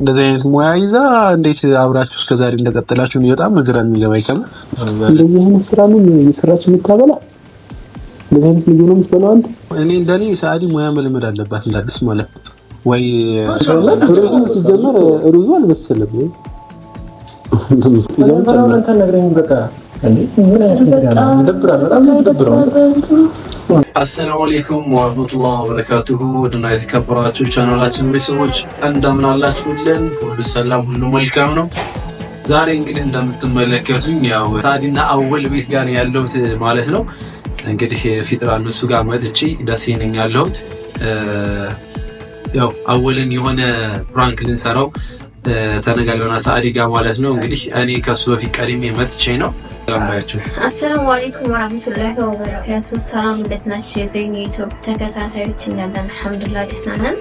እንደዚህ አይነት ሙያ ይዛ እንዴት አብራችሁ እስከዛሬ እንደቀጠላችሁ በጣም ግራ የሚገባ ይከም እንደዚህ አይነት ስራ ነው እየሰራችሁ የምታበላ እንደዚህ አይነት ልጅ ነው የምትበላው። አንድ እኔ እንደኔ ሰአዲ ሙያ መልመድ አለባት እንዳዲስ ማለት ወይ ሩዙ ሲጀመር ሩዙ አልበሰለም። በቃ ምን አይነት ነገር ነው በጣም ደብረው አሰላሙ አሌይኩም ወረህመቱላህ ወበረካቱሁ ወድና የተከበራችሁ ቻናላችን ቤተሰቦች አላችሁልን ሁሉ ሰላም፣ ሁሉ መልካም ነው። ዛሬ እንግዲህ እንደምትመለከቱኝ ያው ሳዲና አወል ቤት ጋር ያለሁት ማለት ነው። እንግዲህ ፊጥራ እነሱ ጋር መጥቼ ደሴ ነኝ ያለሁት። ያው አወልን የሆነ ፕራንክ ልንሰራው ተነጋግረና ሳዕዲ ጋር ማለት ነው። እንግዲህ እኔ ከሱ በፊት ቀድሜ መጥቼ ነው ላምባያቸው። አሰላሙ አለይኩም ወራህመቱላሂ ወበረካቱ። ሰላም እንዴት ናቸው የዘኝ ዩቲዩብ ተከታታዮች? እኛለን አልሐምዱሊላህ ደህና ነን።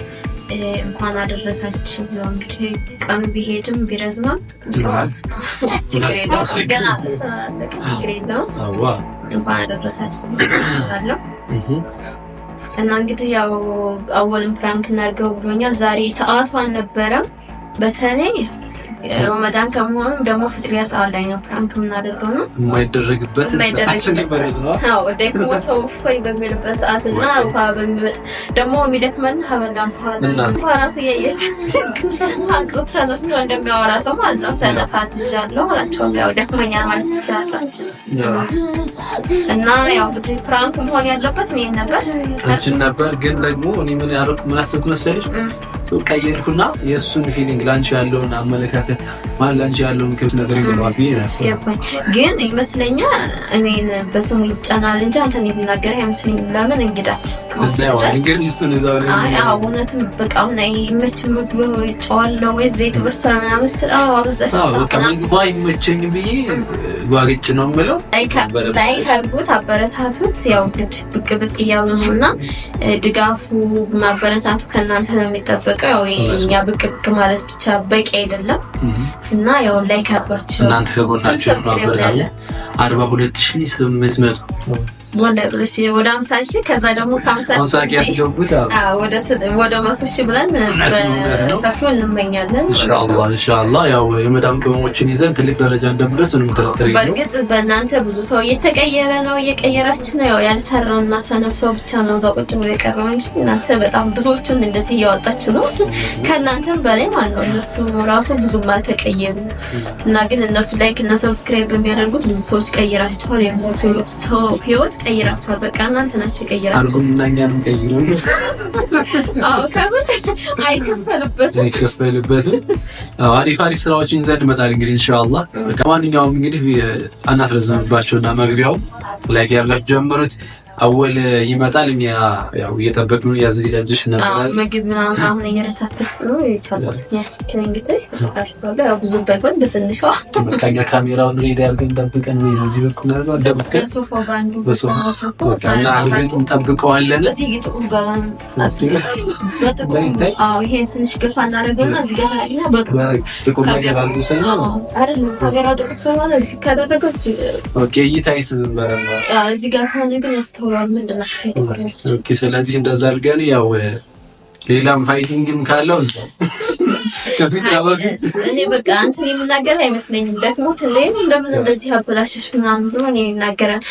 እንኳን አደረሳችሁ ብለው እንግዲህ ቀን ቢሄድም ቢረዝምም ችግር የለውም፣ ገና ችግር የለውም። እንኳን አደረሳችሁ ለው እና እንግዲህ ያው አወልን ፕራንክ እናድርገው ብሎኛል። ዛሬ ሰዓቱ አልነበረም በተለይ ሮመዳን ከመሆኑ ደግሞ ፍጥሪያ ሰዓት ላይ ነው ፕራንክ የምናደርገው ነው የማይደረግበት ደግሞ ሰው ፎይ በሚልበት ሰዓት እና ውሃ በሚበጥ ደግሞ የሚደክመን ከበላን በኋላ ራሱ እያየች አንቅርፍ ተነስቶ እንደሚያወራ ሰው ማለት ነው። ተነፋት ይዣለሁ አላቸውም። ያው ደክመኛ ማለት ትችላላችሁ። እና ያው እንግዲህ ፕራንክ መሆን ያለበት እኔን ነበር አንቺን ነበር። ግን ደግሞ እኔ ምን ያደረኩ ምን አሰብኩ መሰለሽ ቀየርኩና የእሱን ፊሊንግ ላንቺ ያለውን አመለካከት ማለት ላንቺ ያለውን ክብ ነገር ይገባል ብዬ ግን ይመስለኛል እኔን በስሙ ይጫናል እንጂ አንተ የሚናገር አይመስለኝ። ለምን እንግዳስ እንግዲህ እሱን እውነትም በቃ ይመች ምግብ ጨዋለው ወይ ዘይት በሰራ ምናምን ስትል ምግቧ ይመቸኝ ብዬ ጓግጭ ነው የምለው። ላይ አድርጉት፣ አበረታቱት። ያው ብቅ ብቅ እያሉ ነው እና ድጋፉ ማበረታቱ ከእናንተ ነው የሚጠበቅ እኛ ብቅ ብቅ ማለት ብቻ በቂ አይደለም እና ያው ላይ ካባቸው እናንተ ከጎናቸው አበርታለ አርባ ሁለት ሺ ስምንት መቶ ወላሂ ብለሽ ወደ 50 ሺህ ከዛ ደግሞ ከ50 ወደ መቶ ሺህ ብለን በሰፊው እንመኛለን። ኢንሻአላህ ኢንሻአላህ ያው የመዳም ቅመሞችን ይዘን ትልቅ ደረጃ እንደምደርስ ምንም ተረተረ ነው። በእርግጥ በእናንተ ብዙ ሰው እየተቀየረ ነው፣ እየቀየራችሁ ነው። ያው ያልሰራና ሰነፍ ሰው ብቻ ነው እዛው ቁጭ ብሎ የቀረው እንጂ እናንተ በጣም ብዙዎቹን እንደዚህ እያወጣች ነው። ከእናንተም በላይ ማለት ነው። እነሱ ራሱ ብዙም አልተቀየሩም እና ግን እነሱ ላይክ እና ሰብስክራይብ የሚያደርጉት ብዙ ሰዎች ቀይራቸዋል። የብዙ ሰው ህይወት ቀይራቸዋል። በቃ እናንተ ናችሁ ቀይራችሁ አርጉምና ነው ቀይሩ። አዎ ከምን አይከፈልበትም፣ አይከፈልበትም። አዎ አሪፍ አሪፍ ስራዎችን ይዘን እንመጣለን። እንግዲህ ኢንሻአላህ ከማንኛውም እንግዲህ አናስረዝምባቸውና መግቢያው ላይክ ያላችሁ ጀምሩት። አወል ይመጣል። እኛ ያው ነው። እያዘጋጀሽ ነበር ምግብ ምናምን። አሁን እየረታተፍኩ ነው ካሜራውን ሬዲ አድርገን ጠብቀን ወይ በዚህ በኩል እንጠብቀዋለን። ትንሽ እዚህ ጋር ስለዚህ እንደዛ አድርገን ያው ሌላም ፋይቲንግም ካለው ከፊት ለበፊት እኔ በቃ አንተ የምናገር አይመስለኝም። ደግሞ ትሌን እንደምን እንደዚህ አበላሸሽ ምናምን ብሎ እኔ ይናገራል።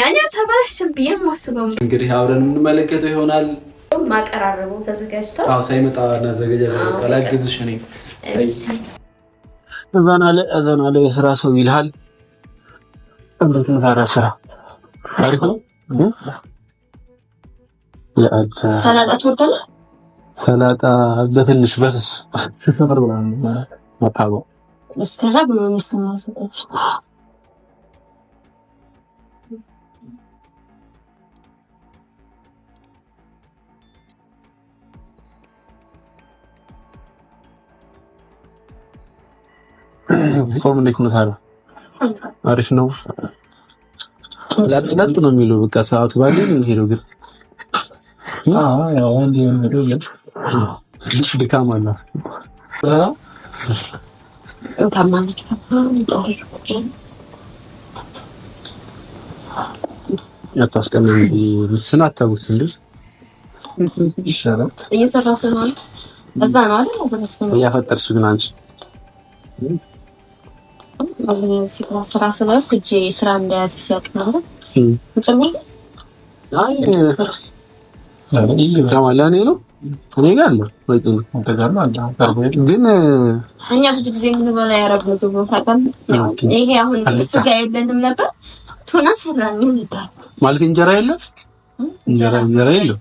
ያኔ ተበላሽም ብዬ ማስበው እንግዲህ አብረን የምንመለከተው ይሆናል። ማቀራረቡ ተዘጋጅቷል። አዎ ሳይመጣ እናዘገጃ ላግዝሽ። እኔ እዛናለ እዛናለ የስራ ሰው ይልሃል። እንዴት ነው ታዲያ ስራ አሪፍ ነው? ሰላጣ ትወዳለህ? ሰላጣ በትንሽ በስስ መጣበ እስከዛ ብሎ የሚሰማ ሰዎች ጾም እንዴት ነው ታዲያ? አሪፍ ነው። ለጥ ለጥ ነው የሚለው በቃ ሰዓቱ ባለ የሚሄደው ግን ድካም አላት። አታስቀምም ስን እንዴ? እየሰራ ስለሆነ እዛ ነው አይደል? እያፈጠርሽ ግን አንቺ ስራ ስለወስድ እጄ ስራ ለእኔ ነው እኔ ጋር አለ ግን እኛ ብዙ ጊዜ የምንበላ ምግብ ይሄ አሁን ስጋ የለንም ነበር። ቱና ሰራን ማለት እንጀራ የለም እንጀራ እንጀራ የለም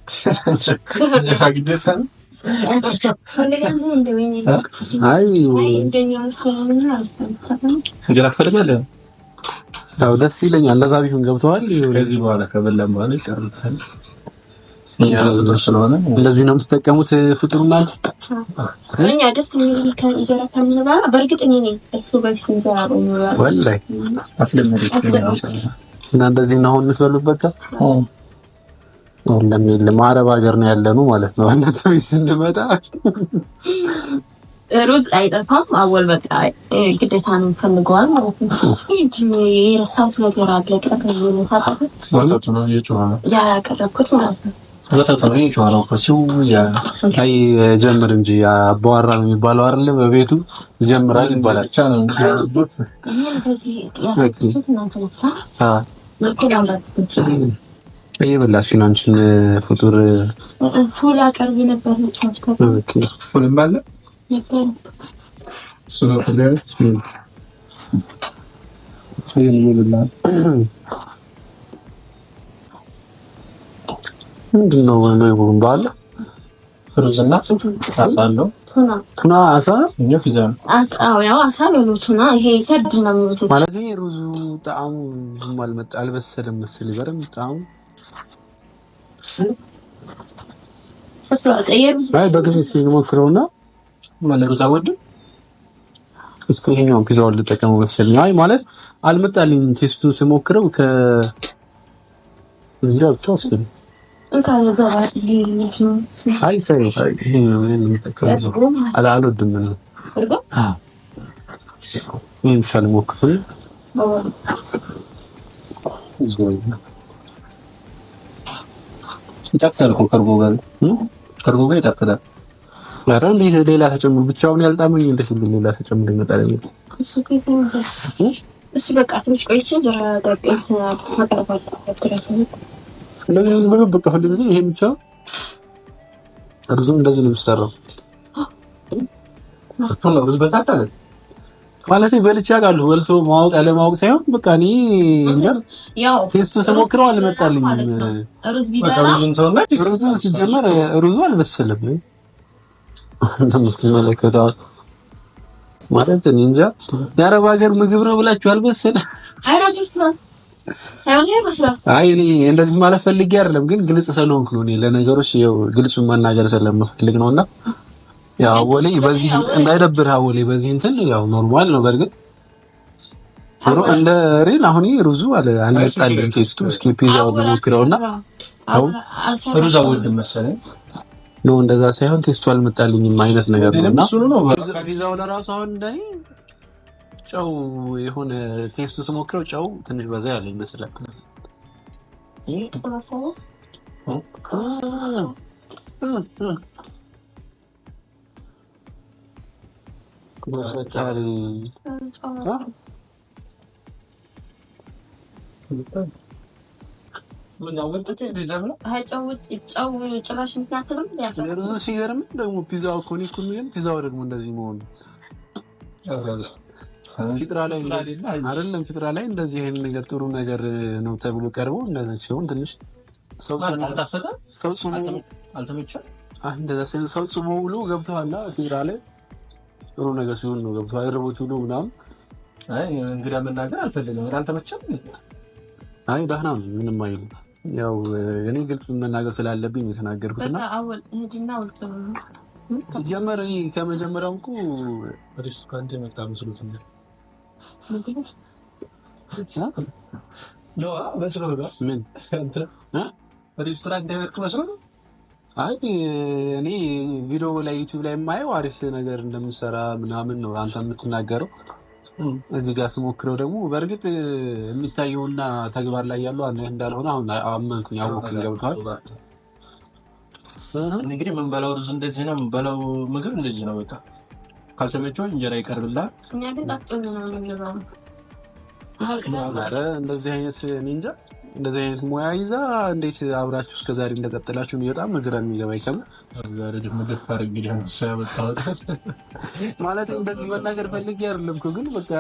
እንጀራ ትፈልጋለህ? ያው ደስ ይለኛል። ለዛ ቢሆን ገብተዋል። ከዚህ በኋላ ከበላን በኋላ ይቀርልታል። እንደዚህ ነው የምትጠቀሙት? ፍጡር ማለት እኛ ደስ የሚል እንጀራ ከምንበላ በእርግጥ እኔ ነኝ እሱ በፊት እንጀራ በሚበላ ወላሂ እና እንደዚህ ነው አሁን የምትበሉት በቃ የለም የለም፣ አረብ ሀገር ነው ያለ ነው ማለት ነው። እናንተ ቤት ስንመጣ ሩዝ አይጠፋም። አወል በቃ ግዴታ ነው ፈልገዋል ማለት ነው። የረሳሁት ነገር አለ። ያቀረብኩት ማለት ነው። ይ ጀምር እንጂ አባዋራ ነው የሚባለው አይደለ? በቤቱ ጀምራል ይባላል። እየበላሽ ነው። አንቺን ፍጡር ፉል አቀርብ ነበር። ፉልም አለ ምንድን ነው በዓል ሩዝና አሳ ነው። ቱና አሳ ነው። ቱና ይሄ ሰድ ነው ማለት ነው። ሩዙ ጣዕሙ አልበሰለም መሰለኝ በደምብ ጣዕሙ አይ በግምት ሞክረውና ማለት ወደ እስከ ይሄኛውን ፒዛውን ልጠቀመው መሰለኝ። አይ ማለት አልመጣልኝ ቴስቱ ስሞክረው ከ እንዴ ብቻ እስኪ እንካ ዘባ አይ ሳይ ይጣፍጣል እኮ ከእርጎ ጋር ከርጎ ጋር ይጣፍጣል። ኧረ እንዴት ሌላ ተጨምሮ ብቻውን ያልጣመኝ እንዴት ሌላ ተጨምሮ ይመጣል? እሱ በቃ ትንሽ ቆይቼ ዳቤ አቀርባለሁ። በቃ ሁሉ ጊዜ ይሄ ብቻ እርዙም እንደዚህ ነው የሚሰራው። ማለት በልቻ ቃሉ በልቶ ማወቅ ያለማወቅ ሳይሆን በቃ ያው ቴስቱ ተሞክረው አልመጣልኝም። ሩዝ ሲጀመር ሩዙ አልበሰለም እንደምትመለከተው ማለት እኔ እንጃ የአረብ ሀገር ምግብ ነው ብላችሁ አልበሰለ አይ እኔ እንደዚህ ማለት ፈልጌ አይደለም፣ ግን ግልጽ ስለሆንኩ ነው። እኔ ለነገሮች ግልጹን መናገር ስለምፈልግ ነውና ያ ወሌ በዚህ እንዳይደብር አወሌ በዚህ እንትን ያው ኖርማል ነው። በርግጥ ሆኖ እንደ ሪል አሁን ይሄ ሩዙ አለ አልመጣልኝ ቴስቱ። እስኪ ፒዛው ልሞክረውና አው ሩዝ አወድም መሰለኝ ነው እንደዛ ሳይሆን ቴስቱ አልመጣልኝም አይነት ነገር ነውና ፒዛው ለራሱ አሁን እንደኔ ጨው የሆነ ቴስቱ ስሞክረው ጨው ትንሽ በዛ ያለ ይመስላል። ይሄ ሲገርም ደግሞ ፒዛ ኮኒኩ ሚል ፒዛው ደግሞ እንደዚህ መሆኑ ፊጥራ ላይ አይደለም። ፊጥራ ላይ እንደዚህ አይነት ነገር ጥሩ ነገር ነው ተብሎ ቀርቦ ሲሆን ትንሽ ሰው ጽሞ ውሎ ገብተዋላ ፊጥራ ላይ ጥሩ ነገር ሲሆን ነው ገብቶ አይረቦች ብሎ ምናምን እንግዳ መናገር አልፈልግም። አልተመቸም። አይ ዳህና ምንም አይሉ ያው እኔ ግልጽ መናገር ስላለብኝ የተናገርኩትና ሲጀመር እኔ ከመጀመሪያው እኮ ሬስቶራንት የመጣ መስሎት ምን ሬስቶራንት የመጣ መስሎት አይ እኔ ቪዲዮ ላይ ዩቲዩብ ላይ የማየው አሪፍ ነገር እንደምሰራ ምናምን ነው አንተ የምትናገረው። እዚህ ጋር ስሞክረው ደግሞ በእርግጥ የሚታየውና ተግባር ላይ ያለው እንዳልሆነ አሁን አመንኩኝ፣ አወኩኝ። ገብተዋል። እንግዲህ የምንበላው ሩዝ እንደዚህ ነው፣ የምንበላው ምግብ እንደዚህ ነው። በቃ ካልተመቸው እንጀራ ይቀርብላል። እንደዚህ አይነት እኔ እንጃ እንደዚህ አይነት ሙያ ይዛ እንዴት አብራችሁ እስከዛሬ እንደቀጠላችሁ በጣም ግራ የሚገባ ከምር ማለት እንደዚህ መናገር ፈልጌ አይደለም እኮ ግን በቃ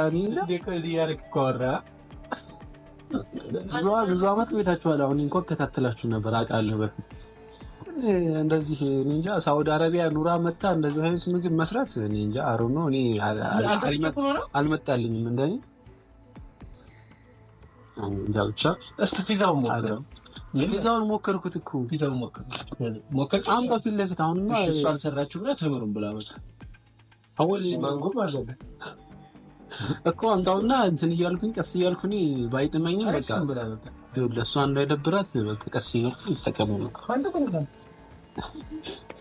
ብዙ አመት ቆይታችኋል። አሁን እንኳ እከታተላችሁ ነበር አውቃለሁ በፊት እንደዚህ እንጃ ሳውዲ አረቢያ ኑራ መታ እንደዚህ አይነት ምግብ መስራት እኔ እንጃ አሮ ነው እኔ አልመጣልኝም እንደኔ እንጃ ብቻ። እስኪ ፒዛውን ሞክረው። ፒዛውን ሞከርኩት እኮ ፒዛውን ሞከርኩት። አምጣ ፊት ለፊት አሁንማ እሱ አልሰራችሁ ብላ ተምሩን ብላ በቃ አሁን ማንጎ ማለት እኮ አምጣውና እንትን እያልኩኝ ቀስ እያልኩኝ ባይጥመኝም በቃ ለእሷ እንዳይደብራት ቀስ እያልኩ ይጠቀሙ ነው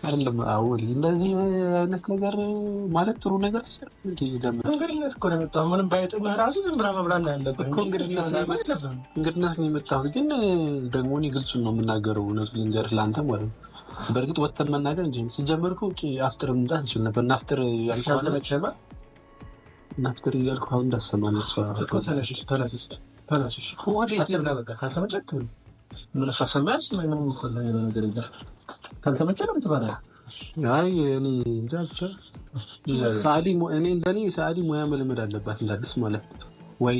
አይደለም። አሁን እንደዚህ አይነት ነገር ማለት ጥሩ ነገር ምንም ባይጥምህ ነው የመጣሁት። ግን ደግሞ እኔ ግልጹን ነው የምናገረው፣ እውነቱን ልንገርህ ለአንተ ማለት ነው። በእርግጥ ወተን መናገር እንጂ ስጀመርኩ ውጭ አፍጥር መምጣት እንችል ነበር። ናፍጥር ናፍጥር እያልኩ አሁን እንዳሰማ ተነስሽ ካልተመቸ ነው ምትበላ። እኔ እንደኔ ሳዲ ሙያ መልመድ አለባት እንዳዲስ ማለት ወይ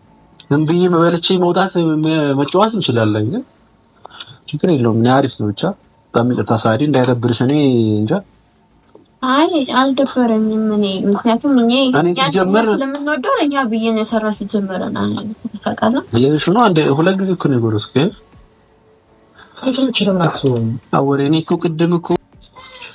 ዝም ብዬ በልቼ መውጣት መጫወት እንችላለን፣ ግን ችግር የለውም። እኔ አሪፍ ነው ብቻ። በጣም ይቅርታ ሳዲ፣ እንዳይደብርሽ። እኔ እንጃ። አይ አልደበረኝም። እኔ ምክንያቱም እኛ ሲጀመር ስለምንወደው እኛ ብዬ ነው የሰራ ሲጀመረና ይሽ ነው አንድ ሁለት ጊዜ እኮ ነው የጎረስኩ አወሬ እኔ እኮ ቅድም እኮ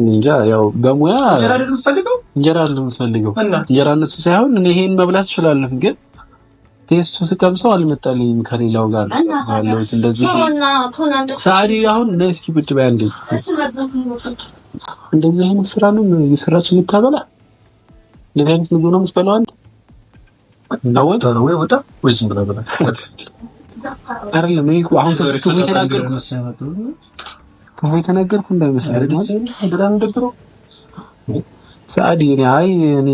እንጃ ያው በሙያ እንጀራ የምፈልገው እንጀራ እነሱ ሳይሆን እኔ ይሄን መብላት እችላለሁ፣ ግን ቴስቱ ስቀምሰው አልመጣልኝም ከሌላው ጋር ያለው እንደዚህ። ሰዓዲ አሁን ነይ እስኪ ቁጭ በይ አንዴ። እንደዚህ አይነት ስራ ነው እየሰራች የምታበላ። እንደዚህ አይነት ምግብ ነው የምትበላው አንድ አወጣ ወይ ወጣ ወይ ዝም ብላ በላ አይደለም። ይሄ አሁን ተናገርኩ ክፉ የተነገርኩ እንዳይመስልህ በጣም ደብሮ ሰዓዲ እኔ አይ እኔ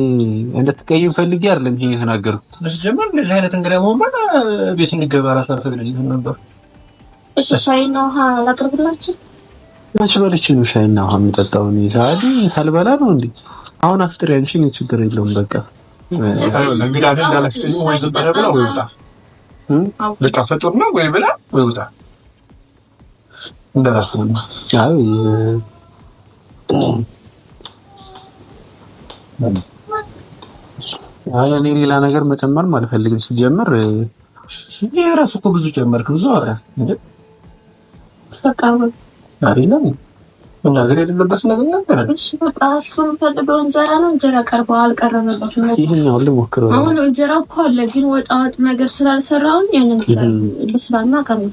እንድትቀይም ፈልጌ አይደለም ይሄን የተናገርኩት። ጀመር እንደዚህ አይነት እንግዳ መሆን በቃ ቤት እንዲገባ ራሱ አልፈልግ ነበር። እሺ ሻይና ውሃ ላቅርብላችሁ? መች በልቼ ነው ሻይና ውሃ የሚጠጣው? እኔ ሰዓዲ ሳልበላ ነው እንዴ? አሁን አፍጥሪ አንቺ፣ እኔ ችግር የለውም በቃ እንግዳ እንዳላስቀኝ ወይ ዝም ብላ ወይ ውጣ፣ በቃ ፈጡር ነው ወይ ብላ ወይ ውጣ እንደራስ አይ እኔ ሌላ ነገር መጨመርም አልፈልግም። ሲጀምር የራሱ እኮ ብዙ ጨመርክ፣ ብዙ አረ ፈቃም የሌለበት ነገር ነበር። እሱ የምፈልገው እንጀራ ነው። እንጀራ ቀርበው አልቀረበላችሁም። ልሞክረው። አሁን እንጀራ እኮ አለ፣ ግን ወጣ ወጥ ነገር ስላልሰራሁኝ ያንን ስላና ቀርቦ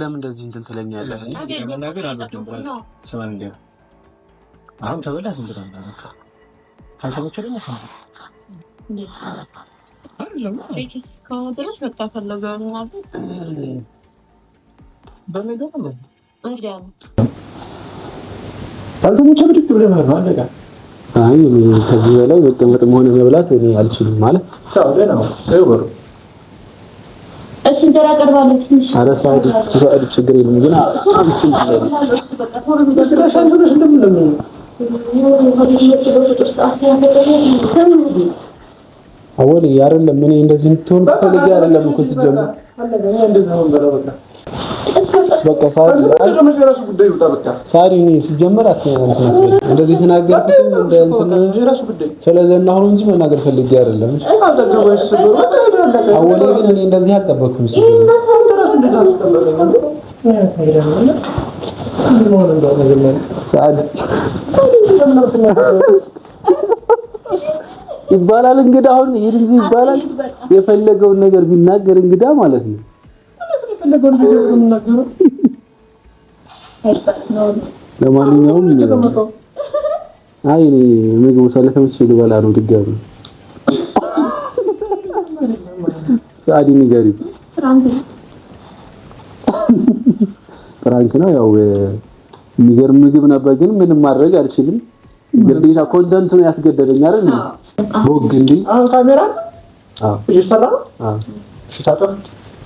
ለምን እንደዚህ እንትን ትለኛለህ? ለመናገር አልወድም። አሁን ተበላ ስንት ካልተመቸ ደግሞ ነው ከዚህ በላይ መቀመጥ ሆነ መብላት አልችልም ማለት እሺ እንጀራ ቀርባለች። ኧረ ችግር የለም ግን አወል አይደለም እኔ እንደዚህ እንትን ፈልጌ አይደለም እኮ ሲጀምር ሳሪ እኔ ሲጀመር እንደዚህ እንደ እንትን እንጂ መናገር ፈልጌ አይደለም። ግን እኔ እንደዚህ ይባላል እንግዳ አሁን ይሄድ እንጂ ይባላል የፈለገውን ነገር ቢናገር እንግዳ ማለት ነው። የፈለገውን ለማንኛውም አይ ምግቡ ስለተመቸኝ ልበላ ነው። ድጋሚ ፍራንክ ነው ያው የሚገርም ምግብ ነበር፣ ግን ምንም ማድረግ አልችልም። ግዴታ ኮንተንት ነው ያስገደደኝ አይደል? ቦግ እንዴ! አሁን ካሜራ አዎ፣ እየሰራ ነው። አዎ፣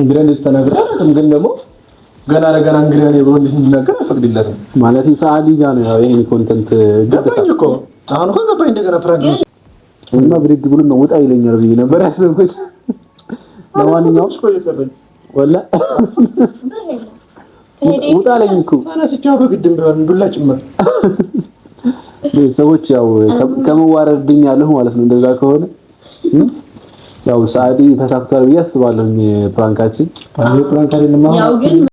እንግዲህ እንደዚህ ተናግራ አላውቅም፣ ግን ደግሞ ገና ለገና እንግዲህ እኔ ብሎ እንዴት እንድናገር አልፈቅድለትም። ማለት ሰዓሊ ጋር ነው ያው ይሄን ኮንተንት ገባኝ እኮ አሁን እኮ ገባኝ። እንደገና ፕራንክ ነው እና ብድግ ብሎ ነው ውጣ ይለኛል ብዬ ነበር ያሰብኩት። ለማንኛውም ወላ ውጣ አለኝ እኮ አናስቻው በግድም ቢሆን ዱላ ጭምር ሰዎች ያው ከመዋረድ ድኛለሁ ማለት ነው እንደዛ ከሆነ ያው ሳዲ ተሳክቷል ብዬ አስባለሁ። ፕራንካችን ፕራንክ አይደለም